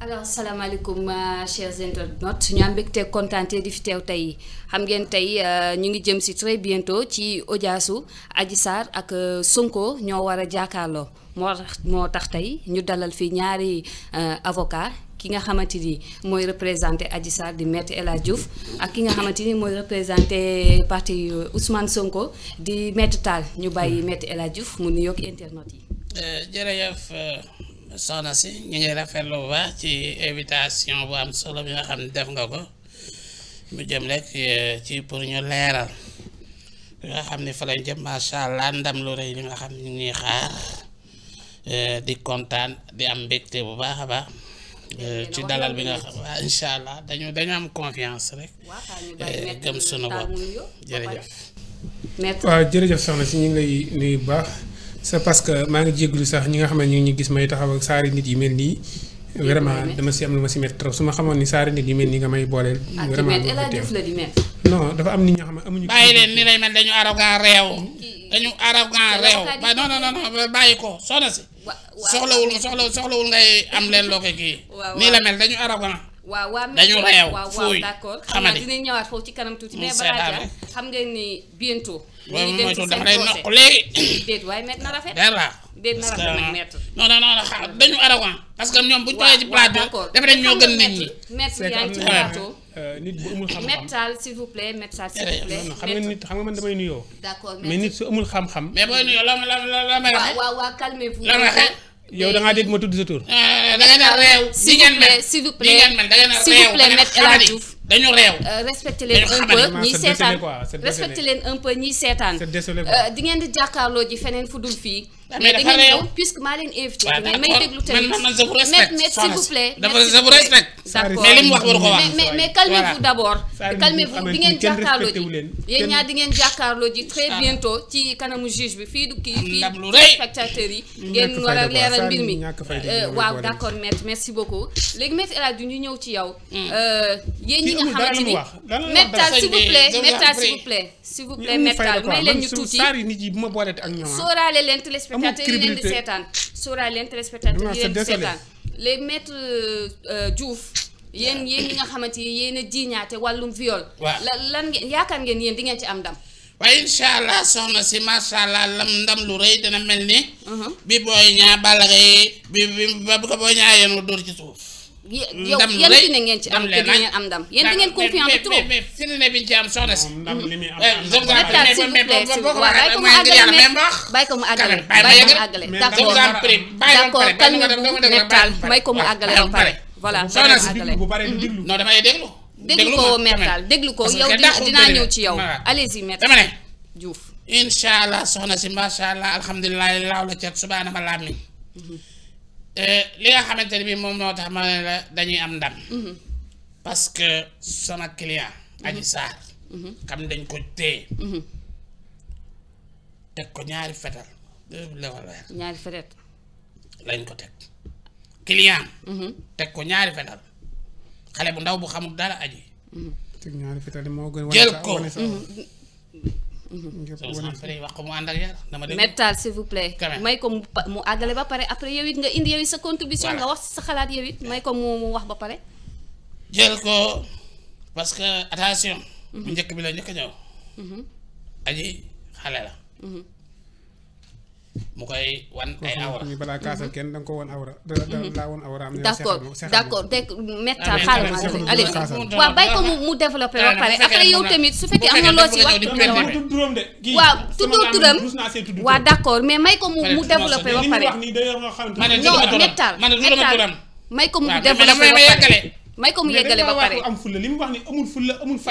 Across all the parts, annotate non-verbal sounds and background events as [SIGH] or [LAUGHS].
alors salaamaaleykum chers internautes ñu am mbégte kontaante di fi teew tey xam ngeen tey euh, ñu ngi jëm si très bientôt ci audience Adji Sarr ak euh, Sonko ñoo war a jàkkaarloo moo tax moo tax tey ñu dalal fi ñaari euh, avocat ki nga xamante ni mooy représenté Adji Sarr di maître El Hadji Diouf ak ki nga xamante ni mooy représenté parti Ousmane Sonko di maître Tall ñu bàyyi maître El Hadji Diouf mu nuyoog internautes yi. jërëjëf. soxna si ñu ngi rafetlu bu baax ci invitation bu am solo bi nga xam ne def nga ko mu jëm rek eh, ci pour ñu leeral li nga xam ne fa jëm macha allah ndam lu rëy li nga xam ne ñuy xaar eh, di kontaan di am mbégte bu baax a baax. Eh, ci dalal bi nga xam waaw incha allah dañu dañu am confiance rek gëm sunu bopp jërëjëf. waaw jërëjëf soxna si ñu ngi lay baax. c'est parce que maa ngi jégalu sax ñi nga xam ne ñu ngi gis may taxaw ak saari nit yi mel nii. vraiment dama si am lu ma si métti trop su ma xamoon ni saari nit yi mel nii nga may booleel. Ah, vraiment non dafa am nit ñoo xam ne amuñu. bàyyi leen ni lay mel dañu arrogant réew. dañu ko soxna si. soxlawul soxlawul soxlawul ngay am leen loo koy kii. nii la mel dañu arrogant waaw waaw dañu réew fuuy d'accord xam naa dinañ ñëwaat foofu ci kanam tuuti mais balaa xam ngeen ni bientôt loolu mooy tuuti dafa lay noq waaye na rafet dara déet na rafet nag met non non non dañu parce que ñoom bu ñu toogee ci plateau dafa dañ ñi met yaa ngi ci euh, plateau nit bu amul xam-xam métal vous plaît métal s'il vous plaît xam nga nit xam nga man damay nuyoo d'accord mais nit su amul xam-xam mais booy nuyoo la la la may waxe waaw waaw calmez-vous la may waxe yow da ngaa dégg ma tudd sa tur. Eh, da nga na réew. s'il vous plaît s'il vous plaît s'il vous plaît maître El dañu réew. Euh, respecté leen un peu ñiy seetaan respecté leen un peu ñiy seetaan. di ngeen di jàkkaarloo ji feneen fu dul fii. mais da ngeen ñëw puisque maa leen invité. waaw d' may déglu tamit man man je vous respecte. s'il vous plaît dafa je vous respecte. d' accord mais li mu wax waru ko wax. mais mais calmez-vous d' abord. calmez-vous di ngeen jàkkaarloo ji yéen ñaar di ngeen jàkkaarloo ji très bientôt ci kanamu juge bi fii du kii fii spectateurs yi. ngeen war a leeral mbir mi waaw d' accord maître merci beaucoup. léegi maître El Hadj ñu ñëw ci yow. yéen plaît amul crédibilité di seetaan sóoraale leen téléspectateur yi leen di seetaan les maître euh, euh, Diouf yéen yéen ñi nga xamante ni yéen a jiiñaate wàllum viol la lan ngeen yaakaar ngeen yéen di ngeen ci am ndam waaye incha allah soxna si macha allah lam ndam lu rëy dina mel ni uh-huh. bi booy ñaa ballagay bi bi ba bu ko booy ñaa yéen dóor ci suuf ndam lu rëy ndam ngeen ci am te ngeen am ndam yéen da ngeen confiance trop mais mais firnde bi ñu ci am soxna si. ndam li muy am bàyyi ko mu àggale bàyyi ko mu àggale bàyyi ko mu àggale ba pare voilà soxna si non damay déglu déglu ko mental déglu ko yow dinaa ñëw ci yow allez-y mental dama ne Diouf incha allah soxna si macha allah alhamdulilah laaw la cat subaana ma laam Euh, li nga xamante ne bii moom moo tax ma dañuy am ndam. Mhm. parce que sama client. Adji mhm. Sarr. Mhm. xam dañ ko téye. teg ko ñaari fetal. ñaari fetal. lañ ko teg. client. teg ko ñaari fetal. xale bu ndaw bu xamul dara aji. teg jël ko. Mettal s'il vous plaît may ko mu àggale ba pare après yow it nga indi yow it sa contribution nga wax sa xalaat yow it may ko mu wax ba pare jël ko parce que attention mhm. bu njëkk bi la njëkk ñëw mhm. aji xale la mhm. mu koy wan ay awra ñu balaa kaasal kenn da ko wan awra da laa wan awra am d'accord d'accord te metta xal ma allez waaw bàyyi ko mu développer ba pare après yow tamit su fekkee am na loo ci wax waaw tuddoo turam waaw d'accord mais may ko mu mu développé ba pare non méttal méttal may ko mu développer ba pare may ko mu yeggale ba pare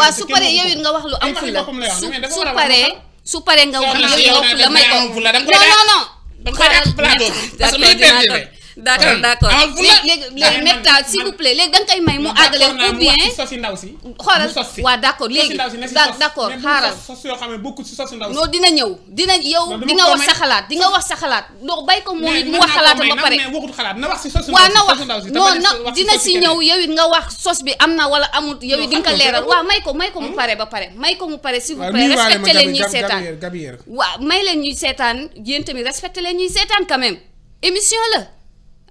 waaw su paree yow it nga wax lu am fulle su su su paree nga. yow la may ko non non non. da nga koy def plateau parce que d' accord d' accord ah, léegi léegi may s'il vous plaît léegi da nga koy may mu àggale ou bien xoolal waaw d' accord léegi d' accord xaaral non dina ñëw dina yow di nga wax sa xalaat di nga wax sa xalaat doo bay ko moom it mu wax xalaatam ba pare waaw na wax non na dina si ñëw yow nga wax sos bi am na wala amut yow it di nga leeral waaw may ko may ko mu pare ba pare may ko mu pare si vous plaît respecté leen ñuy seetaan waaw may leen ñuy seetaan yéen tamit respecté leen ñuy seetaan quand même émission la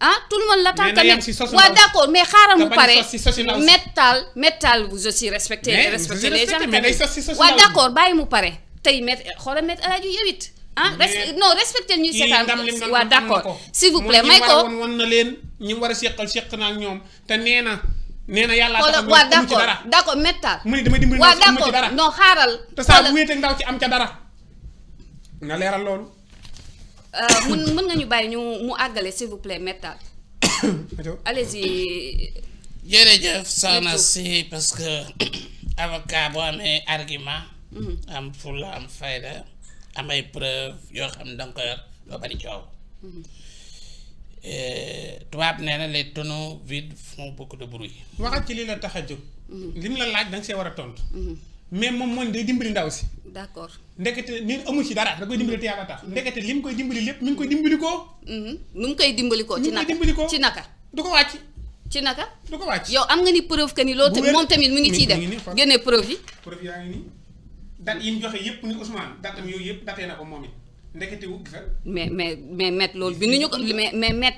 ah tout le monde l'attend quand même waaw d'accord mais xaaral mu pare métal métal je suis respecté respecté les gens waaw d'accord bàyyi mu pare tey mét xoolal mét alaaju yow it ah non respecté ñuy seetaan d'accord s'il vous plaît may ko woon na leen ñi war a seqal seq naa ñoom te nee na nee na yàlla tax waaw d'accord d'accord métal mu ni dama dimbali waaw d'accord non xaaral te saa bu wéetee ndaw ci am ca dara na leeral loolu Euh, mën mën nga ñu bàyyi ñu mu àggale s'il vous plaît Maître Tall. [COUGHS] allez-y. soxna si parce que [COUGHS] avocat boo amee argument. Mhm. am fulla am fayda am preuve yoo xam ne da bari coow. Mhm. Euh, tubaab nee na les tonneaux vides font beaucoup de bruit. ci li la tax a jóg. Mhm. lim la laaj da see war a tontu. mais moom mooñ day dimbali ndaw si. d'accord ndekete nit amul ci dara da koy dimbali te yàlla tax. Mm-hmm. ndekete li mu koy dimbali lépp mi ngi koy dimbali koo. Mm-hmm. mi ngi koy dimbali koo. ci naka du ko wàcc. ci naka. du ko wàcc yow am nga ni preuve que ni loolu tamit moom tamit mi ngi ciy def génne preuve yi. preuve yaa ngi nii date yi ñu joxe yëpp ni Ousmane date am yooyu yëpp datee na ko moom it ndekete wu gisal. mais mais mais maître loolu binduñu mais mais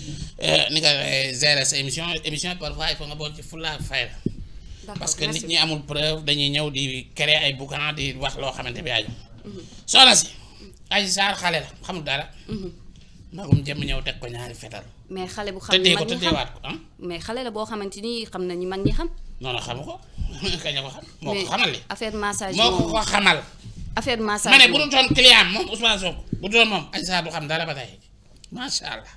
Euh, ni nga euh, gérer sa émission émission parfois il faut nga que nit ñi amul preuve dañuy ñëw di créer ay boucan di wax loo xamante bi aju mhm. soxna si Adji Sarr xale la xamul dara magum mhm. jëm ñëw teg ko ñaari fetal mais xale bu xam tëddee ko tëddeewaat ko ah? mais xale la boo xamante ni xam nañu mag ñi xam non non ko [LAUGHS] kañ la ko xam moo ko xamal li affaire massage moo ko ko xamal affaire massage ma ne bu doon client moom Ousmane Sonko bu doon moom Adji Sarr du xam dara ba tey macha allah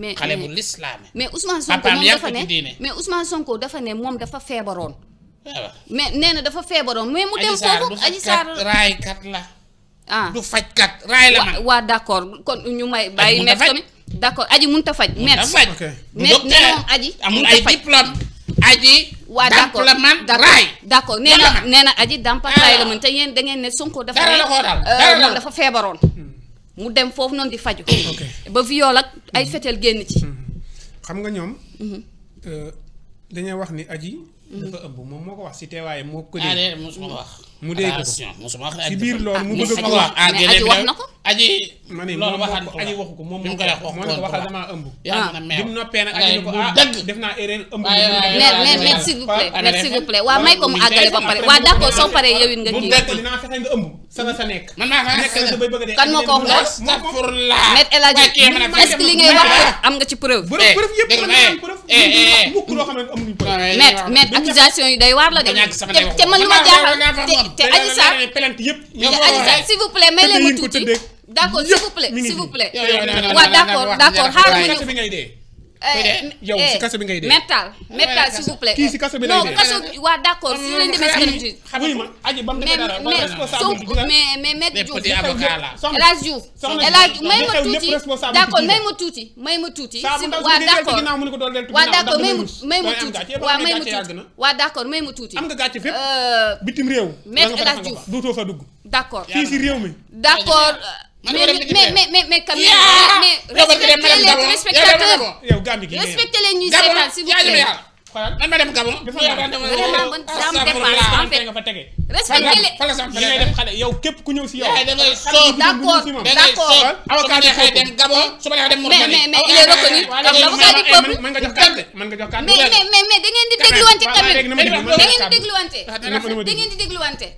mais xale bu lislaame mais Ousmane Sonko moom dafa ne mais Ousmane Sonko dafa ne moom dafa feebaroon. Ah mais nee na dafa feebaroon mais mu dem foofu. Adji Sarr la. ah du fajkat raay la waa d' accord kon ñu may. bàyyi met tamit d' accord aji mun ta faj. mënut a faj moom aji. amul ay diplôme aji. waa d' accord dàmp la raay. d' accord nee na nee na aji dàmpa raay la man ah. te yéen da ngeen ne Sonko dafa. dara la euh, dafa feebaroon. mu dem foofu noonu di faju ba viol ak ay mhm. fetel génn ci. Mhm. xam nga ñoom. Mhm. Euh, dañoo wax ni aji. dafa ëmb moom moo ko wax si teewaayam moo ko. ko ah, wax. mu dee ko ma wax ah, aji wax na ko aji ma ne loolu waxaat ko aji waxu ko moom mu ko wax ko ko waxal dama ëmb ah. bi mu noppee nag aji ko ah def naa erreur ëmb mais mais s'il vous plaît may ko mu àggale ba pare waaw d'accord soo paree yow nga kii kan moo ko wax la met El Hadj est-ce que li ngay wax am nga ci preuve eh, eh, preuve yëpp am accusation yi day waar la de te man li ma jaaxal te Adji Sarr s'il vous plaît may leen ma tuuti d'accord s'il vous plaît s'il vous plaît waaw d'accord d'accord xaar yow si kaso bi ngay dee métal métal s'il vous plaît kii si kaso bi lay dee non kaso bi waa d'accord su leen demee si kanam tuuti mais mais maître Diouf El Hadj Diouf El Hadj may ma tuuti d'accord may ma tuuti may ma tuuti waa d'accord waa d'accord may ma may ma tuuti waa may ma tuuti waa d'accord may ma tuuti am nga gàcce fépp bitim réew maître El Hadj Diouf dootoo fa dugg d'accord fii si réew mi d'accord man mais mais mais mais quand leen ñuy seetaan s'il vous plaît. man ma dem Gabon. vraiment man dama dépasse en fait. respecté leen fa la sam li ngay def xale yow képp ku ñëw si yow. d'accord d'accord avocat bi a dem Gabon su ma dem Mauritanie. mais mais il est reconnu avocat du peuple. mën nga jox carte mën nga jox carte. di dégluwante tamit da ngeen di dégluwante.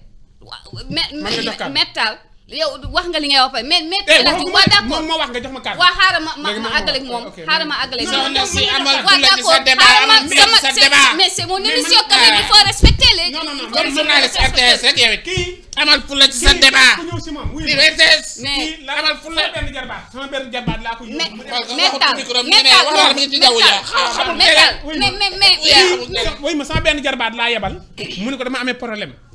da ngeen di yow wax nga li ngay wax mais mais. tey wax nga moom moo wax nga jox ma kàddu. waaw xaaral ma ma ma àggaleeg moom xaaral ma àggaleeg. soxna si amal ku la ci sa débat amal ku la ci sa débat mais c'est mon émission quand même il faut respecter les. non non non comme journaliste RTS rek yow kii amal ku la ci sa débat. kii RTS. mais amal ku la benn jarbaat sama benn jarbaat laa ko yóbbu. mais mais taal mais taal mais taal mais mais mais. oui ma sama benn jarbaat laa yebal. mu ne ko dama amee problème.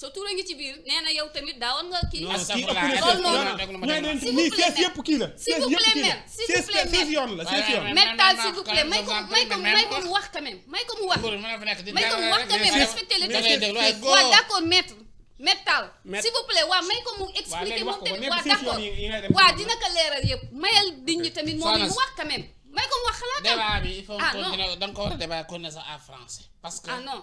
surtout ngi ci biir nee na yow tamit não nga tá não não não tá não não não não não la. não não não não não não não não não la não não não não s'il vous plaît may ko may ko may ko não wax quand même may ko não wax. may ko não wax quand même não le não não d'accord maître. não não s'il vous plaît não may ko mu expliquer não tamit não d'accord não dina ko não não mayal não não tamit não mu wax quand même may ko não wax não débat bi il faut não não não ko não não débat connaissance en français parce que ah non.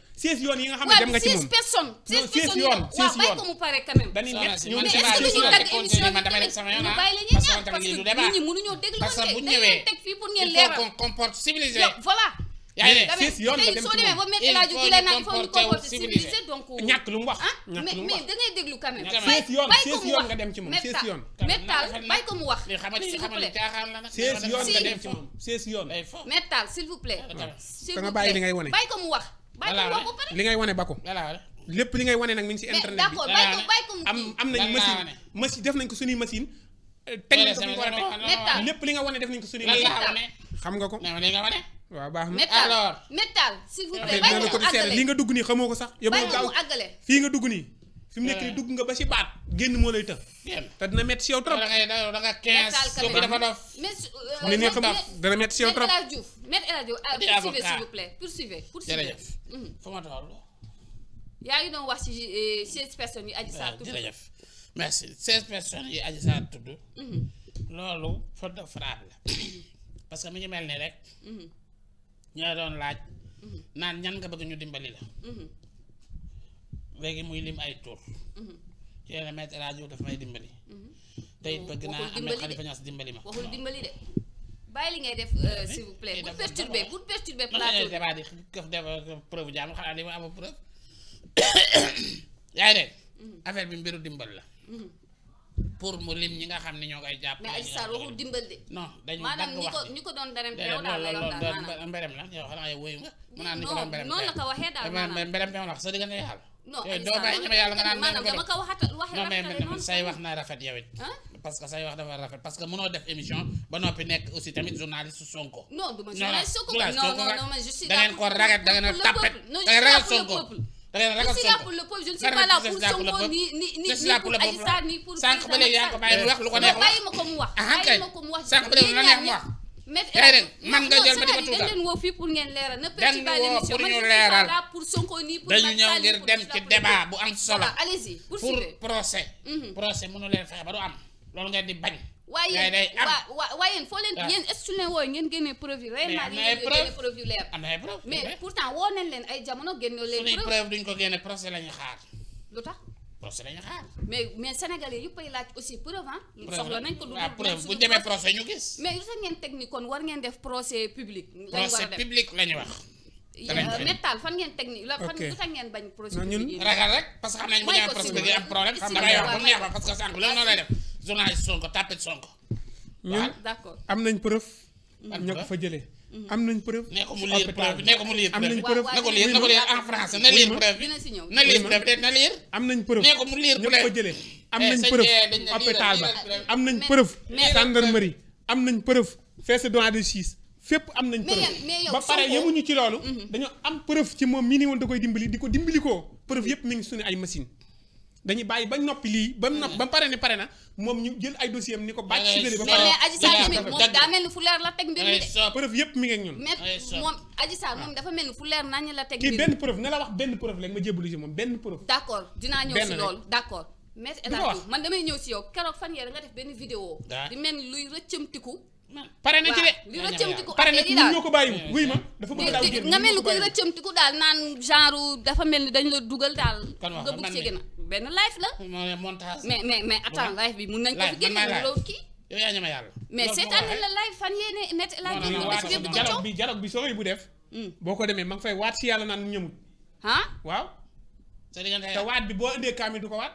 seize yoon yi nga xam ne dem nga ci moom waaw seize personnes. seize personnes yi nag waaw bàyyi ko mu pare quand même. dañuy nekk ñu nekk seize yoon mais est-ce que ñu ngi tag émission bi tamit ñu bàyyi la ñuy ñaan parce que nit ñi mënuñoo déglu parce que dañ leen teg fii pour ngeen leeral il faut qu'on comporte civilisé. voilà. yaa ngi ne seize yoon nga dem ci moom il faut qu'on comporte civilisé donc. ñàkk lu mu wax ah, ñàkk lu mu wax mais da ngay déglu quand même. seize yoon seize yoon nga dem ci moom seize yoon. Métal bàyyi ko mu wax. s'il vous plaît seize yoon nga dem ci moom seize yoon. Métal s'il vous plaît. s'il vous plaît da nga bàyyi li ngay wone bàyyi ko mu wax. li ngay wane ba ko. lépp li ngay wane nag mi ngi si internet bi. am am nañu machine machine def nañ ko suñuy machine. Eh, teg nañ ko fi ñu war a teg lépp li nga wane def nañ ko suñuy machine. xam nga ko. waaw baax na alors métal s'il vous plaît li nga dugg nii xamoo ko sax. bàyyi ma mu àggale fii nga dugg nii. fi mu nekk nii hmm. dugg nga ba si baat génn moo lay tëx. te dina métti si yow trop. da ngay euh, euh, dana métti si yow trop. Maître El Hadj yaa ngi doon wax si euh, seize personnes yi Adji Sarr tudd. jërëjëf merci seize personnes yi Adji Sarr tudd. Hmm. loolu faute de frappe la. [COUGHS] parce que mi ngi mel ni rek. Hmm. ñoo doon laaj. naan ñan nga bëgg ñu dimbali la. wegi muy lim ay tour ci la maître radio Hadj Diouf daf may dimbali tey bëgg naa amee Khalifa Niass dimbali ma waxul dimbali de bay li ngay def s'il vous plaît bu perturber bu perturber plateau débat di def preuve jam xanaa di ma am preuve yaay de affaire bi mbiru dimbal la pour mu lim ñi nga xamni ne ñoo japp mais ay sa waxu dimbal de. non dañu dag wax maanaam ñi ko doon darem teew daal la don daal mberem la yow xala ay woyuma nga. mu naan ni ko doon mberem teew la ko waxee daal mbérem mbérem teew wax sa diggante yàlla non ay ma yàlla nga naan maanaam dama ko waxatal say wax na rafet yow parce que say wax dafa rafet parce que mënoo def émission ba noppi nekk aussi tamit journaliste Sonko non du ma journaliste Sonko non non non je suis da ngeen ko ragal da ngeen tapet da ngeen ragal Sonko da ngeen ragal Sonko je suis là pour le peuple je ne suis pas là pour Sonko ni ni wax lu ko neex wax bàyyi ma wax ah, bàyyi ma wax déedéet man nga jël ba di ko tuutal dañ woo fii pour ngeen leeral na président l'émission pour ñu leeral pour Sonko nii pour dañu ñëw ngir dem ci débat bu am solo ah, allez-y pour procès mhm. procès mënu leen fexe ba du am loolu ngeen di bañ waaye day am waaye foo leen ah. yéen ngeen génnee preuve yi réellement yéen génne preuve yu leer am na ay preuve mais pourtant woo nañ leen ay jamono génne leen preuve duñ ko génne procès lañu xaar procès lañu xaar mais mais sénégalais yëppay laaj aussi preuve ah soxla nañ ko dugg preuve bu demee procès ñu gis mais ngeen kon war ngeen def procès public lañ a def public lañu wax nettal fan ngeen teg la fan lu tax ngeen bañ procès public ragal rek parce que xam bu ñu procès bi am problème xam damay wax bu neex parce que lay def journaliste sonko sonko ñun d'accord am nañ preuve fa am nañ preuve. ne ko mu lire preuve am nañ preuve ne ko lire ne ko lire en français na lire preuve bi. na na lire. am nañ preuve ne ko mu lire preuve ñëpp ko jëlee. am eh, nañ preuve hôpital ba am nañ preuve. gendarmerie am nañ preuve. fesse doigt de six fépp am nañ preuve ba pare ñu ci loolu. Mhm. dañoo am preuve ci moom mii nii woon da koy dimbali di ko dimbali ko preuve yëpp mi ngi suñu ay machine dañuy bàyyi ba noppi lii ba mu mm. ba mu pare ni pare na moom ñu jël ay dossier ni ko bàcc si dëri ba pare mais mel ni fu leer la teg mbir yëpp mi ngi ak ñun mais moom Adji Sarr moom ah. dafa mel ni fu nañ la teg mbir mi kii benn preuve ne la wax benn preuve léegi ma jébbalu si moom benn preuve d'accord dinaa ñëw si loolu d'accord mais man damay ñëw si yow keroog fan yee nga def benn vidéo di mel ni luy rëccamtiku pare na ci de li rëccëmtiku pare na ñu ñoo ko bàyyiwul wuy ma eh, dafa bëgg eh, daal naan genre dafa mel ni dañ la dugal daal nga bugg ci gën a benn live la montage mais mais mais attends bi mun nañ ko fi génne loolu kii yow yàlla mais seetaan la live fan yéene net live bi ko def ko dialogue bi dialogue bi sooy bu def hmm. boo ko demee ma ngi fay waat si yàlla naan ñëmut ah waaw te waat bi boo indee kaamil du ko waat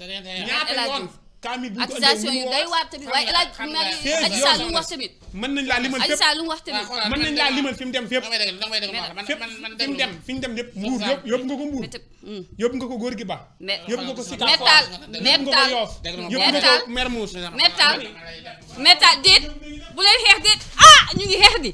ñaata yoon kaami bu ñu ko accusation yu day waar tamit waaye El Aji Sarr lu mu wax tamit. mën nañ laa limal fépp dem fépp. dem fi dem yëpp mbuur yëpp nga ko mbuur. Hmm. yóbbu nga ko góor gi ba. yóbbu nga ko Sika Fall yóbbu nga ko Yoff yóbbu bu leen xeex déet ah ñu ngi xeex di.